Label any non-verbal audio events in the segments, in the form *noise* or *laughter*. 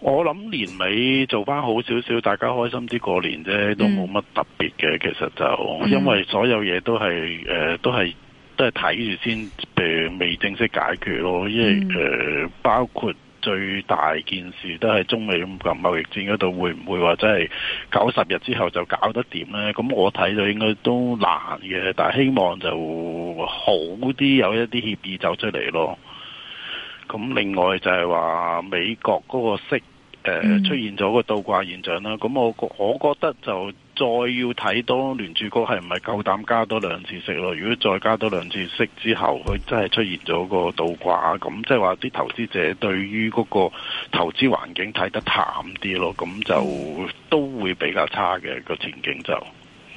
我諗年尾做返好少少，大家開心啲過年啫，都冇乜特別嘅。嗯、其實就因為所有嘢都係誒、呃，都係都係睇住先誒，未正式解決咯。因為誒、呃，包括最大件事都係中美咁貿易戰嗰度，會唔會話真係九十日之後就搞得掂咧？咁我睇到應該都難嘅，但係希望就好啲，有一啲協議走出嚟咯。咁另外就係話美國嗰個息誒出現咗個倒掛現象啦，咁、嗯、我我覺得就再要睇多聯儲局係唔係夠膽加多兩次息咯？如果再加多兩次息之後，佢真係出現咗個倒掛，咁即係話啲投資者對於嗰個投資環境睇得淡啲咯，咁就都會比較差嘅個前景就。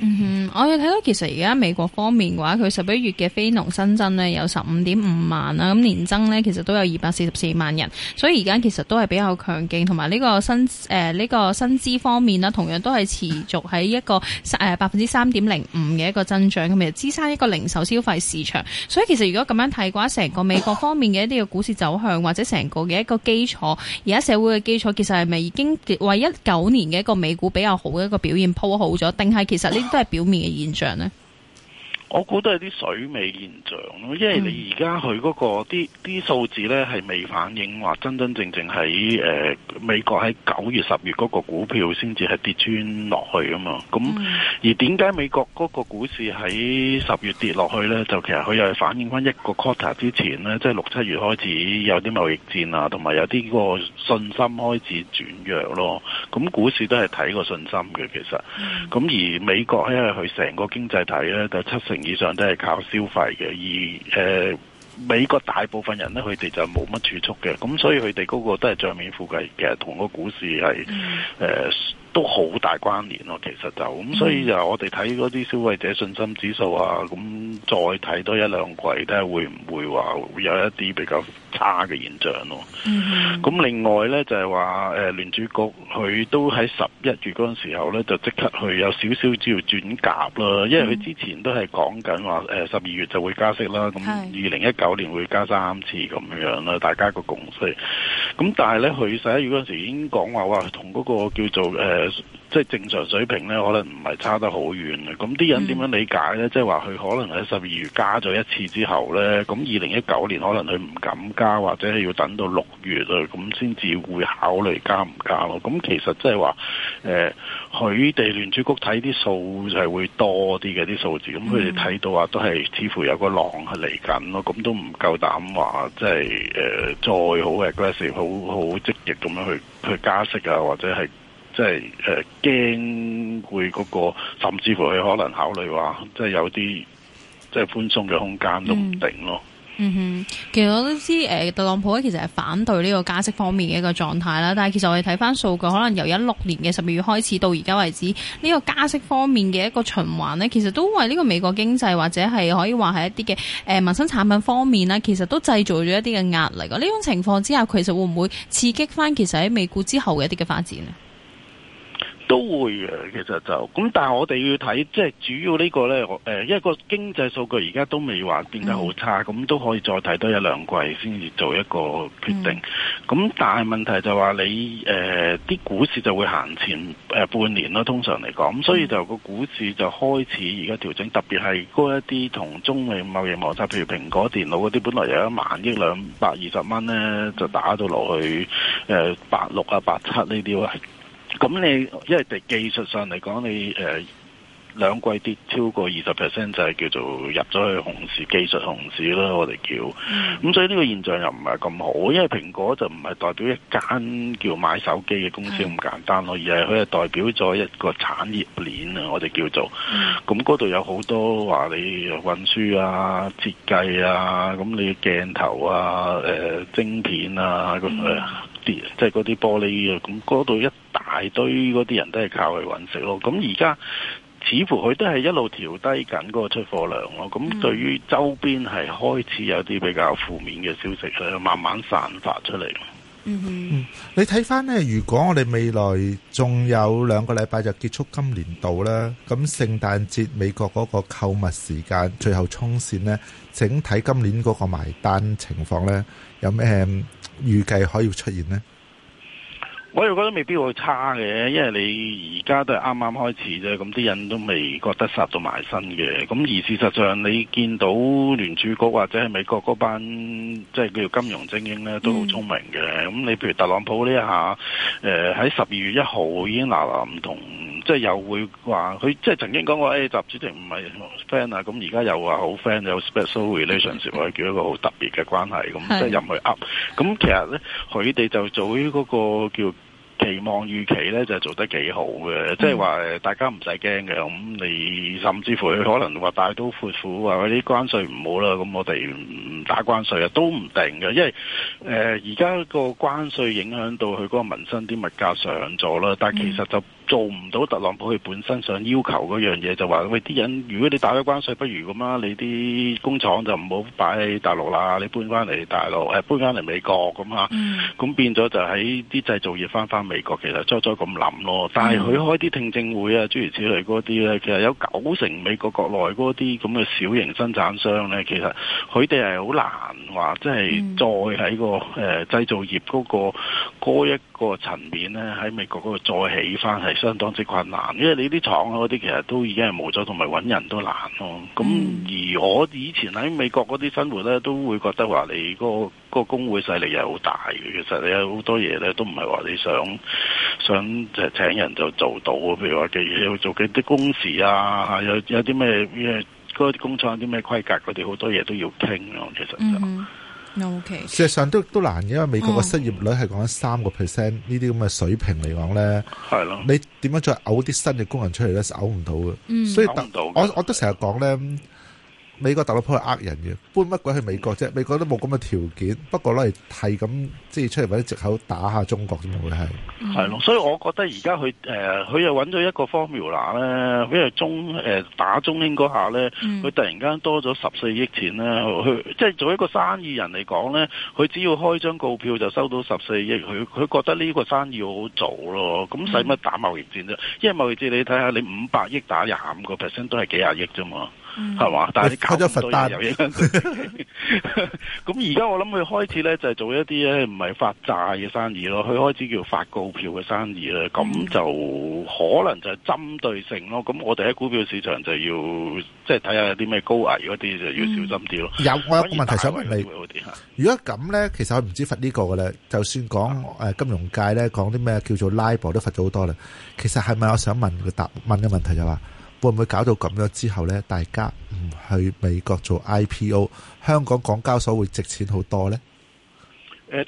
嗯哼，我要睇到其實而家美國方面嘅話，佢十一月嘅非農新增咧有十五點五萬啦，咁年增咧其實都有二百四十四萬人，所以而家其實都係比較強勁，同埋呢個薪誒呢個薪資方面啦，同樣都係持續喺一個誒百分之三點零五嘅一個增長，咁啊支撐一個零售消費市場。所以其實如果咁樣睇嘅話，成個美國方面嘅一啲嘅股市走向，或者成個嘅一個基礎，而家社會嘅基礎，其實係咪已經為一九年嘅一個美股比較好嘅一個表現鋪好咗？定係其實呢？都係表面嘅現象咧。我估都係啲水尾現象咯，因為你而家佢嗰個啲啲數字咧係未反映話真真正正喺誒、呃、美國喺九月十月嗰個股票先至係跌穿落去啊嘛，咁、嗯、而點解美國嗰個股市喺十月跌落去咧？就其實佢又係反映翻一個 quarter 之前咧，即係六七月開始有啲貿易戰啊，同埋有啲個信心開始轉弱咯。咁股市都係睇個信心嘅其實，咁而美國因為佢成個經濟體咧就七成。以上都係靠消費嘅，而誒、呃、美國大部分人咧，佢哋就冇乜儲蓄嘅，咁所以佢哋嗰個都係賬面富貴嘅，同個股市係誒。嗯呃都好大關聯咯、啊，其實就咁，所以就我哋睇嗰啲消費者信心指數啊，咁再睇多一兩季咧，睇下會唔會話會有一啲比較差嘅現象咯、啊？咁、嗯、另外呢，就係話誒聯儲局佢都喺十一月嗰陣時候呢，就即刻去有少少叫做轉鴿啦，因為佢之前都係講緊話誒十二月就會加息啦，咁二零一九年會加三次咁樣樣啦，大家個共識。咁但係呢，佢十一月嗰陣時候已經講話哇，同嗰個叫做誒。呃即係正常水平咧，可能唔係差得好遠嘅。咁啲人點樣理解咧？嗯、即係話佢可能喺十二月加咗一次之後咧，咁二零一九年可能佢唔敢加，或者係要等到六月啊，咁先至會考慮加唔加咯。咁其實即係話，誒、呃，佢哋聯儲局睇啲數係會多啲嘅啲數字，咁佢哋睇到啊，都係似乎有個浪係嚟緊咯。咁都唔夠膽話，即係誒，再好 aggressive 好好積極咁樣去去加息啊，或者係。即係誒，驚佢嗰個，甚至乎佢可能考慮話，即係有啲即係寬鬆嘅空間都唔定咯，嗯。嗯哼，其實我都知誒、呃，特朗普咧其實係反對呢個加息方面嘅一個狀態啦。但係其實我哋睇翻數據，可能由一六年嘅十二月開始到而家為止，呢、這個加息方面嘅一個循環呢，其實都為呢個美國經濟或者係可以話係一啲嘅誒民生產品方面呢，其實都製造咗一啲嘅壓力。呢種情況之下，其實會唔會刺激翻，其實喺美股之後嘅一啲嘅發展呢？都會嘅，其實就咁，但係我哋要睇，即係主要呢、呢個呢、呃，因為個經濟數據而家都未話變得好差，咁、嗯、都可以再睇多一兩季先至做一個決定。咁、嗯、但係，問題就話你誒啲、呃、股市就會行前、呃、半年囉，通常嚟講，咁所以就個股市就開始而家調整，特別係嗰一啲同中美貿易摩擦，譬如蘋果、電腦嗰啲，本來有一萬億兩百二十蚊呢，就打到落去誒、呃、八六啊八七呢啲咁你因為技術上嚟講，你誒、呃、兩季跌超過二十 percent 就係，是，叫做入咗去熊市，技術熊市啦，我哋叫。咁、嗯、所以呢個現象又唔係咁好，因為蘋果就唔係代表一間叫買手機嘅公司咁是簡單咯，而係佢係代表咗一個產業鏈啊，我哋叫做。咁嗰度有好多話你運輸啊、設計啊、咁你嘅鏡頭啊、誒、呃、晶片啊、咁即係嗰啲玻璃啊，咁嗰度一大堆嗰啲人都係靠佢揾食咯，咁而家似乎佢都係一路調低緊嗰個出貨量咯，咁對於周邊係開始有啲比較負面嘅消息，佢慢慢散發出嚟。Mm hmm. 嗯，你睇翻咧，如果我哋未來仲有兩個禮拜就結束今年度啦，咁聖誕節美國嗰個購物時間最後衝線咧，整體今年嗰個埋單情況咧，有咩預計可以出現咧？我又覺得未必會差嘅，因為你而家都係啱啱開始啫，咁啲人都未覺得殺到埋身嘅。咁而事實上，你見到聯儲局或者係美國嗰班即係叫做金融精英咧，都好聰明嘅。咁、嗯、你譬如特朗普呢一下，誒喺十二月一號已經嗱嗱唔同。即係又會話佢，他即係曾經講過誒，習主席唔係 friend 啊，咁而家又話好 friend，有 special relationship，或者叫一個好特別嘅關係咁，的即係入去噏。咁其實咧，佢哋就做呢嗰個叫期望預期咧，就做得幾好嘅。即係話大家唔使驚嘅。咁、嗯、你甚至乎佢可能話大刀闊斧啊，嗰啲關稅唔好啦，咁我哋唔打關稅啊，都唔定嘅。因為誒而家個關稅影響到佢嗰個民生啲物價上咗啦，但係其實就～、嗯做唔到特朗普佢本身想要求嗰樣嘢，就話喂啲人，如果你打咗關稅，不如咁啊，你啲工廠就唔好擺喺大陸啦，你搬翻嚟大陸，呃，搬翻嚟美國咁啊，咁、嗯、變咗就喺啲製造業翻返美國，其實再再咁諗咯。但係佢開啲聽證會啊，諸如此類嗰啲咧，其實有九成美國國內嗰啲咁嘅小型生產商咧，其實佢哋係好難話，即係再喺個誒製造業嗰個嗰一個層面咧，喺美國嗰度再起翻係。相當之困難，因為你啲廠嗰啲其實都已經係冇咗，同埋揾人都難咯。咁而我以前喺美國嗰啲生活咧，都會覺得話你嗰個嗰個工會勢力係好大嘅。其實你有好多嘢咧，都唔係話你想想就請人就做到。譬如話嘅要做幾多工時啊，有有啲咩嘅啲工廠有啲咩規格，嗰啲好多嘢都要傾咯。其實就。Okay. 事實上，都都難，因為美國嘅失業率係講緊三個 percent 呢啲咁嘅水平嚟講咧，係咯、哦，你點樣再嘔啲新嘅工人出嚟咧？嘔唔到嘅。嗯、所以到我我都成日講咧。美國特朗普係呃人嘅，搬乜鬼去美國啫？美國都冇咁嘅條件。不過攞嚟係咁，即係出嚟揾啲藉口打下中國啫嘛，係、嗯。係咯。所以我覺得而家佢誒，佢、呃、又揾咗一個 formula 咧，因為中誒打中興嗰下咧，佢突然間多咗十四億錢咧，佢、嗯、即係做一個生意人嚟講咧，佢只要開張告票就收到十四億，佢佢覺得呢個生意好做咯。咁使乜打貿易戰啫，嗯、因為貿易戰你睇下，你五百億打廿五個 percent 都係幾廿億啫嘛。係嘛？是，嗯、但係你搞咗罰單又影響，咁而家我諗佢開始咧就係做一啲咧唔係發債嘅生意咯。佢開始叫發告票嘅生意啦，咁就可能就係針對性咯。咁我哋喺股票市場就要即係睇下有啲咩高危嗰啲就要小心啲咯，嗯。有我有個問題想問你，如果咁咧，其實我唔知罰呢個㗎喇。就算講誒金融界咧講啲咩叫做 LIBOR 都罰咗好多啦。其實係咪我想問個答問嘅問題就話？會唔會搞到咁樣之後呢？大家唔去美國做 IPO，香港港交所會值錢好多呢？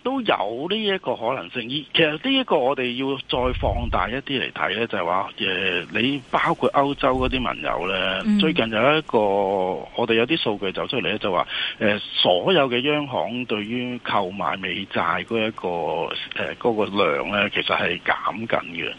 都有呢一個可能性。其實呢一個我哋要再放大一啲嚟睇呢，就係話誒，你包括歐洲嗰啲盟友呢，嗯、最近有一個我哋有啲數據走出嚟咧，就話誒，所有嘅央行對於購買美債嗰一個誒、嗰個量呢，其實係減緊嘅。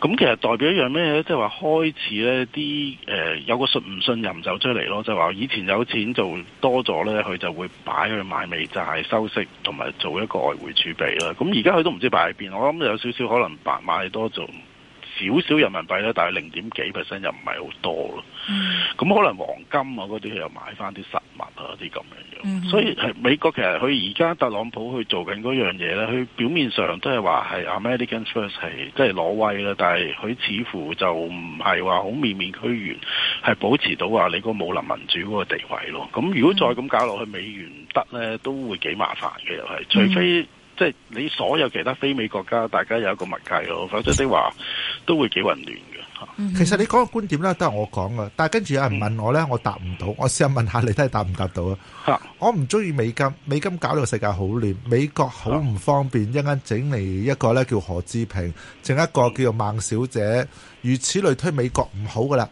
咁其實代表一樣咩咧？即係話開始咧，啲、呃、誒有個信唔信任走出嚟咯，就係話以前有錢做多咗咧，佢就會擺去買美債收息，同埋做一個外匯儲備啦。咁而家佢都唔知擺喺邊，我諗有少少可能買得多就。少少人民幣咧，但係零點幾 percent 又唔係好多咯。咁、嗯、可能黃金啊嗰啲又買翻啲實物啊啲咁樣樣。嗯、哼所以美國其實佢而家特朗普去做緊嗰樣嘢咧，佢表面上都係話係 American First 係即係攞威啦，但係佢似乎就唔係話好面面俱圓，係保持到話你個武林民主嗰個地位咯。咁如果再咁搞落去，美元唔得咧，都會幾麻煩嘅又係，除非。即係你所有其他非美國家，大家有一個默契咯。否則的話，都會幾混亂嘅。嗯、其實你講個觀點咧，都係我講嘅。但係跟住有人問我咧、嗯，我答唔到。我試下問下你，都係答唔答到啊？哈我唔中意美金，美金搞到世界好亂，美國好唔方便。哈一陣間整嚟一個咧叫何志平，整一個叫做孟小姐，如此類推，美國唔好嘅啦。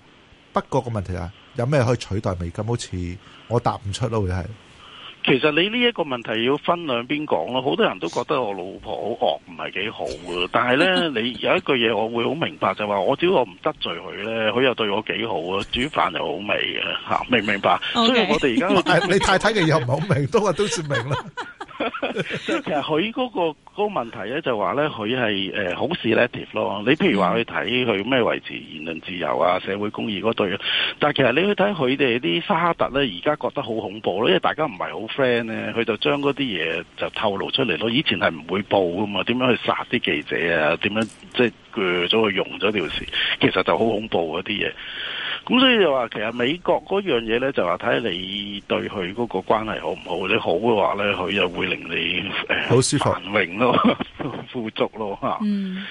不過個問題係，有咩可以取代美金？好似我答唔出咯，會係。其實你呢一個問題要分兩邊講咯，好多人都覺得我老婆好惡，唔係幾好嘅。但係咧，你有一句嘢我會好明白就係話，我只要我唔得罪佢咧，佢又對我幾好啊，煮飯又好味啊，明唔明白？所以我哋而家你太太嘅又唔好明，都話 *laughs* 都算明啦。 *laughs* 其實佢嗰個嗰個問題咧，就話咧，佢係誒好 selective 咯。你譬如話去睇佢咩維持言論自由啊，社會公義嗰對啊，但係其實你去睇佢哋啲沙特咧，而家覺得好恐怖咯，因為大家唔係好 friend 咧，佢就將嗰啲嘢，就透露出嚟。我以前係唔會報噶嘛，點樣去殺啲記者啊？點樣即係鋸咗佢，融咗條線？其實就好恐怖嗰啲嘢。咁、嗯、所以就話，其實美國嗰樣嘢咧，就話睇下你對佢嗰個關係好唔好？你好嘅話咧，佢又會令你好舒服咯，萬榮 *laughs* 富足咯吓。誒、嗯、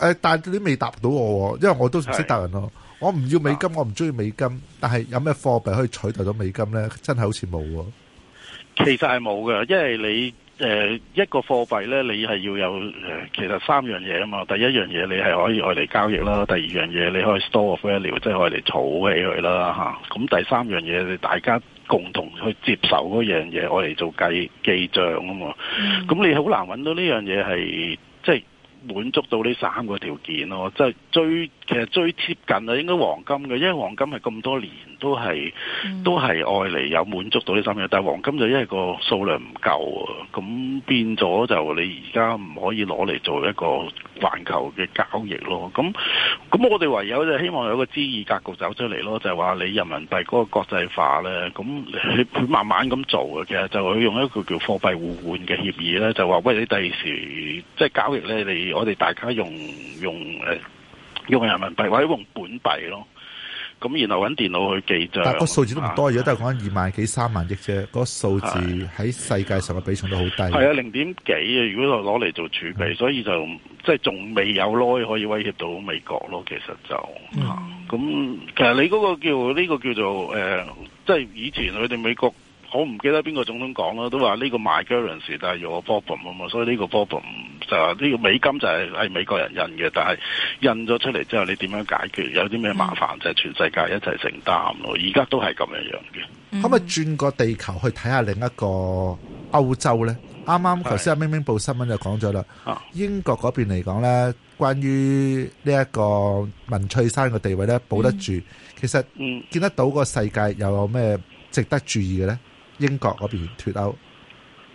呃，但係你未答到我、哦，因為我都唔識答人咯、哦。是我唔要美金，我唔中意美金。但係有咩貨幣可以取代到美金咧？真係好似冇、哦。其實係冇嘅，因為你。誒、呃、一個貨幣咧，你係要有、呃、其實三樣嘢啊嘛。第一樣嘢你係可以愛嚟交易啦，第二樣嘢你可以 store of value 即係愛嚟儲起佢啦咁、啊嗯、第三樣嘢你大家共同去接受嗰樣嘢，愛嚟做計記帳啊嘛。咁、嗯、你好難揾到呢樣嘢係即係滿足到呢三個條件咯，即係追。其實最貼近啊，應該黃金嘅，因為黃金係咁多年都係都係外嚟有滿足到呢三樣，但係黃金就因為個數量唔夠啊，咁變咗就你而家唔可以攞嚟做一個環球嘅交易咯。咁咁我哋唯有就希望有一個 G2 格局走出嚟咯，就係話你人民幣嗰個國際化咧，咁佢慢慢咁做嘅，其實就佢用一個叫貨幣互換嘅協議咧，就話喂你第時即係交易咧，你我哋大家用用誒。用人民幣或者用本幣咯，咁然後揾電腦去記帳。但個數字都唔多，而家都係講緊二萬幾三萬億啫。嗰、那個數字喺世界上嘅比重都好低。係啊，零點幾啊，如果攞嚟做儲備，嗯、所以就即係仲未有攞可以威脅到美國咯。其實就，咁、嗯、其實你嗰個叫呢、這個叫做、呃、即係以前佢哋美國。我唔記得邊個總統講啦，都話呢個買 g a r a n c e 但係用 boom 啊嘛，所以呢個 o m 就呢、是、個美金就係係美國人印嘅，但係印咗出嚟之後，你點樣解決？有啲咩麻煩就係、是、全世界一齊承擔咯。而家都係咁樣樣嘅。嗯、可唔可以轉個地球去睇下另一個歐洲咧？啱啱頭先阿明明報新聞就講咗啦，啊、英國嗰邊嚟講咧，關於呢一個文翠山嘅地位咧，保得住，嗯、其實見得到個世界又有咩值得注意嘅咧？英國嗰邊脱歐，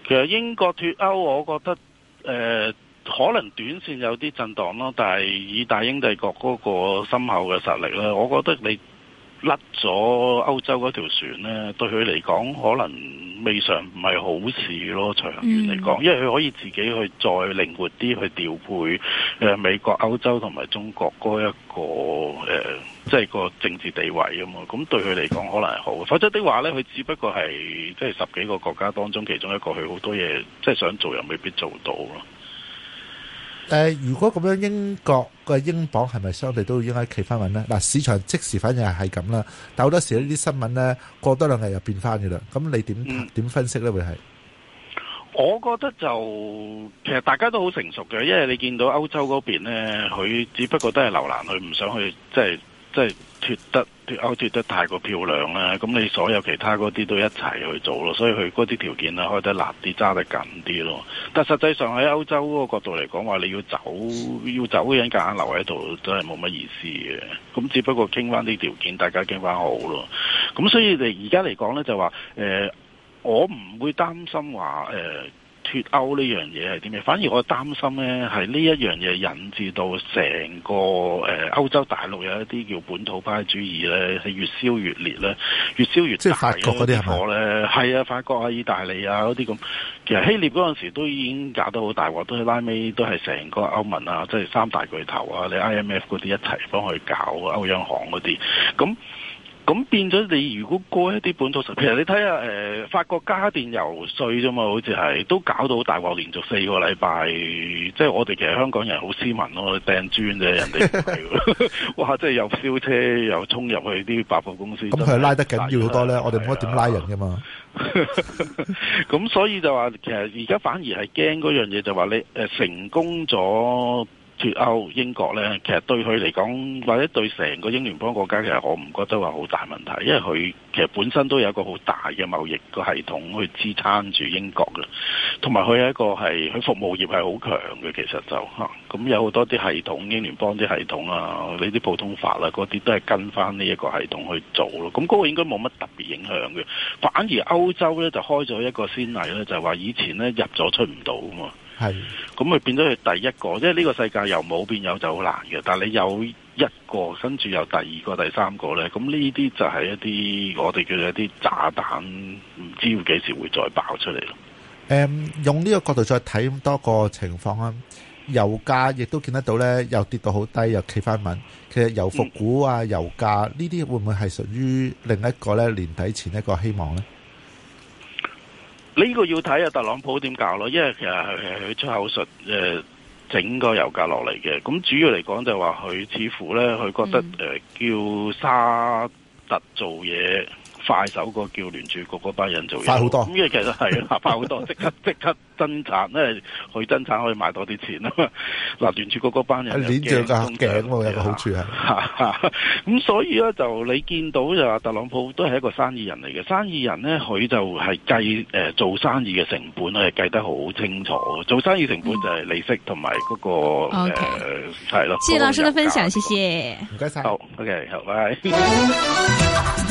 其實英國脱歐，我覺得誒、呃、可能短線有啲震盪咯，但係以大英帝國嗰個深厚嘅實力咧，我覺得你甩咗歐洲嗰條船咧，對佢嚟講可能未嘗唔係好事咯。長遠嚟講，嗯、因為佢可以自己去再靈活啲去調配誒美國、歐洲同埋中國嗰一個。即係個政治地位啊嘛，咁對佢嚟講可能係好。否則的話呢，佢只不過係即係十幾個國家當中其中一個，佢好多嘢即係想做又未必做到咯、呃。如果咁樣英國嘅英鎊係咪相對都應該企翻穩咧？嗱、呃，市場即時反而係咁啦，但好多時聞呢啲新聞呢過多兩日又變翻嘅啦。咁你點點、嗯、分析呢？會係？我覺得就其實大家都好成熟嘅，因為你見到歐洲嗰邊咧，佢只不過都係留難，佢唔想去即係。即係脫得脫歐脫得太過漂亮啦，咁你所有其他嗰啲都一齊去做咯，所以佢嗰啲條件啊開得辣啲，揸得緊啲咯。但實際上喺歐洲嗰個角度嚟講話，你要走要走嘅人夾硬留喺度，真係冇乜意思嘅。咁只不過傾翻啲條件，大家傾翻好咯。咁所以你而家嚟講呢，就話誒、呃，我唔會擔心話脫歐呢樣嘢係點嘅？反而我擔心呢係呢一樣嘢引致到成個誒、呃、歐洲大陸有一啲叫本土派主義呢係越燒越烈，呢越燒越大嘅火呢係啊，法國啊、意大利啊嗰啲咁，其實希臘嗰陣時都已經搞得好大鑊，都係拉尾都係成個歐盟啊，即係三大巨頭啊、你 IMF 嗰啲一齊幫佢搞歐央行嗰啲咁。咁變咗你，如果過一啲本土實，其實你睇下誒、呃、法國加電油稅啫嘛，好似係都搞到大鑊連續四個禮拜，即係我哋其實香港人好斯文咯，掟磚啫，人哋 *laughs* 哇，即係又燒車又衝入去啲百貨公司，咁佢拉得緊要好多咧， *laughs* 我哋唔可以點拉人㗎嘛。咁 *laughs* 所以就話其實而家反而係驚嗰樣嘢，就話你、呃、成功咗。脫歐英國咧，其實對佢嚟講，或者對成個英聯邦國家，其實我唔覺得話好大問題，因為佢其實本身都有一個好大嘅貿易個系統去支撐住英國嘅，同埋佢係一個係佢服務業係好強嘅，其實就咁、啊、有好多啲系統，英聯邦啲系統啊，呢啲普通法啊，嗰啲都係跟翻呢一個系統去做咯，咁嗰個應該冇乜特別影響嘅，反而歐洲咧就開咗一個先例咧，就係話以前咧入咗出唔到啊嘛。係，咁咪是變咗佢第一個，即係呢個世界由冇變有就好難嘅，但你有一個跟住有第二個、第三個咧，咁呢啲就係一啲我哋叫做一啲炸彈，唔知要幾時會再爆出嚟咯、嗯。用呢個角度再睇多個情況啊，油價亦都見得到咧，又跌到好低，又企返穩。其實油服股啊、嗯、油價呢啲會唔會係屬於另一個咧，年底前一個希望咧？呢個要睇下特朗普點搞咯？因為其實係佢出口術、呃、整個油價落嚟嘅。咁主要嚟講就係話佢似乎呢，佢覺得、嗯呃、叫沙特做嘢。快手個叫聯儲局嗰班人做嘢快好多，咁 *laughs* 嘅其實係啦、啊，快好多即刻即刻增產咧，佢增產可以賣多啲錢啊嘛！嗱，聯儲局嗰班人攆獎，攆獎喎，一個好處、 *laughs* 嗯、啊！咁所以咧就你見到就話特朗普都係一個生意人嚟嘅，生意人咧佢就係計、呃、做生意嘅成本係計得好清楚，做生意成本就係利息同埋嗰個係咯。Okay. 呃、謝，謝老師嘅分享，價謝謝。唔該晒。好，OK，好，拜。 *laughs*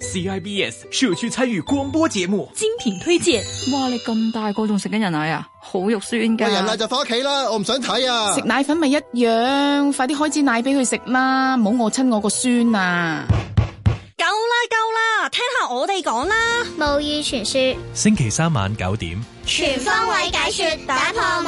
CIBS 社區參與廣播節目，精品推薦。哇，你咁大個仲食緊人奶啊，好肉酸噶！人奶就翻屋企啦，我唔想睇啊！食奶粉咪一樣，快啲開支奶俾佢食啦，唔好餓親我個孫啊！夠啦夠啦，聽下我哋講啦。《母語傳說》星期三晚九點，全方位解說，打破。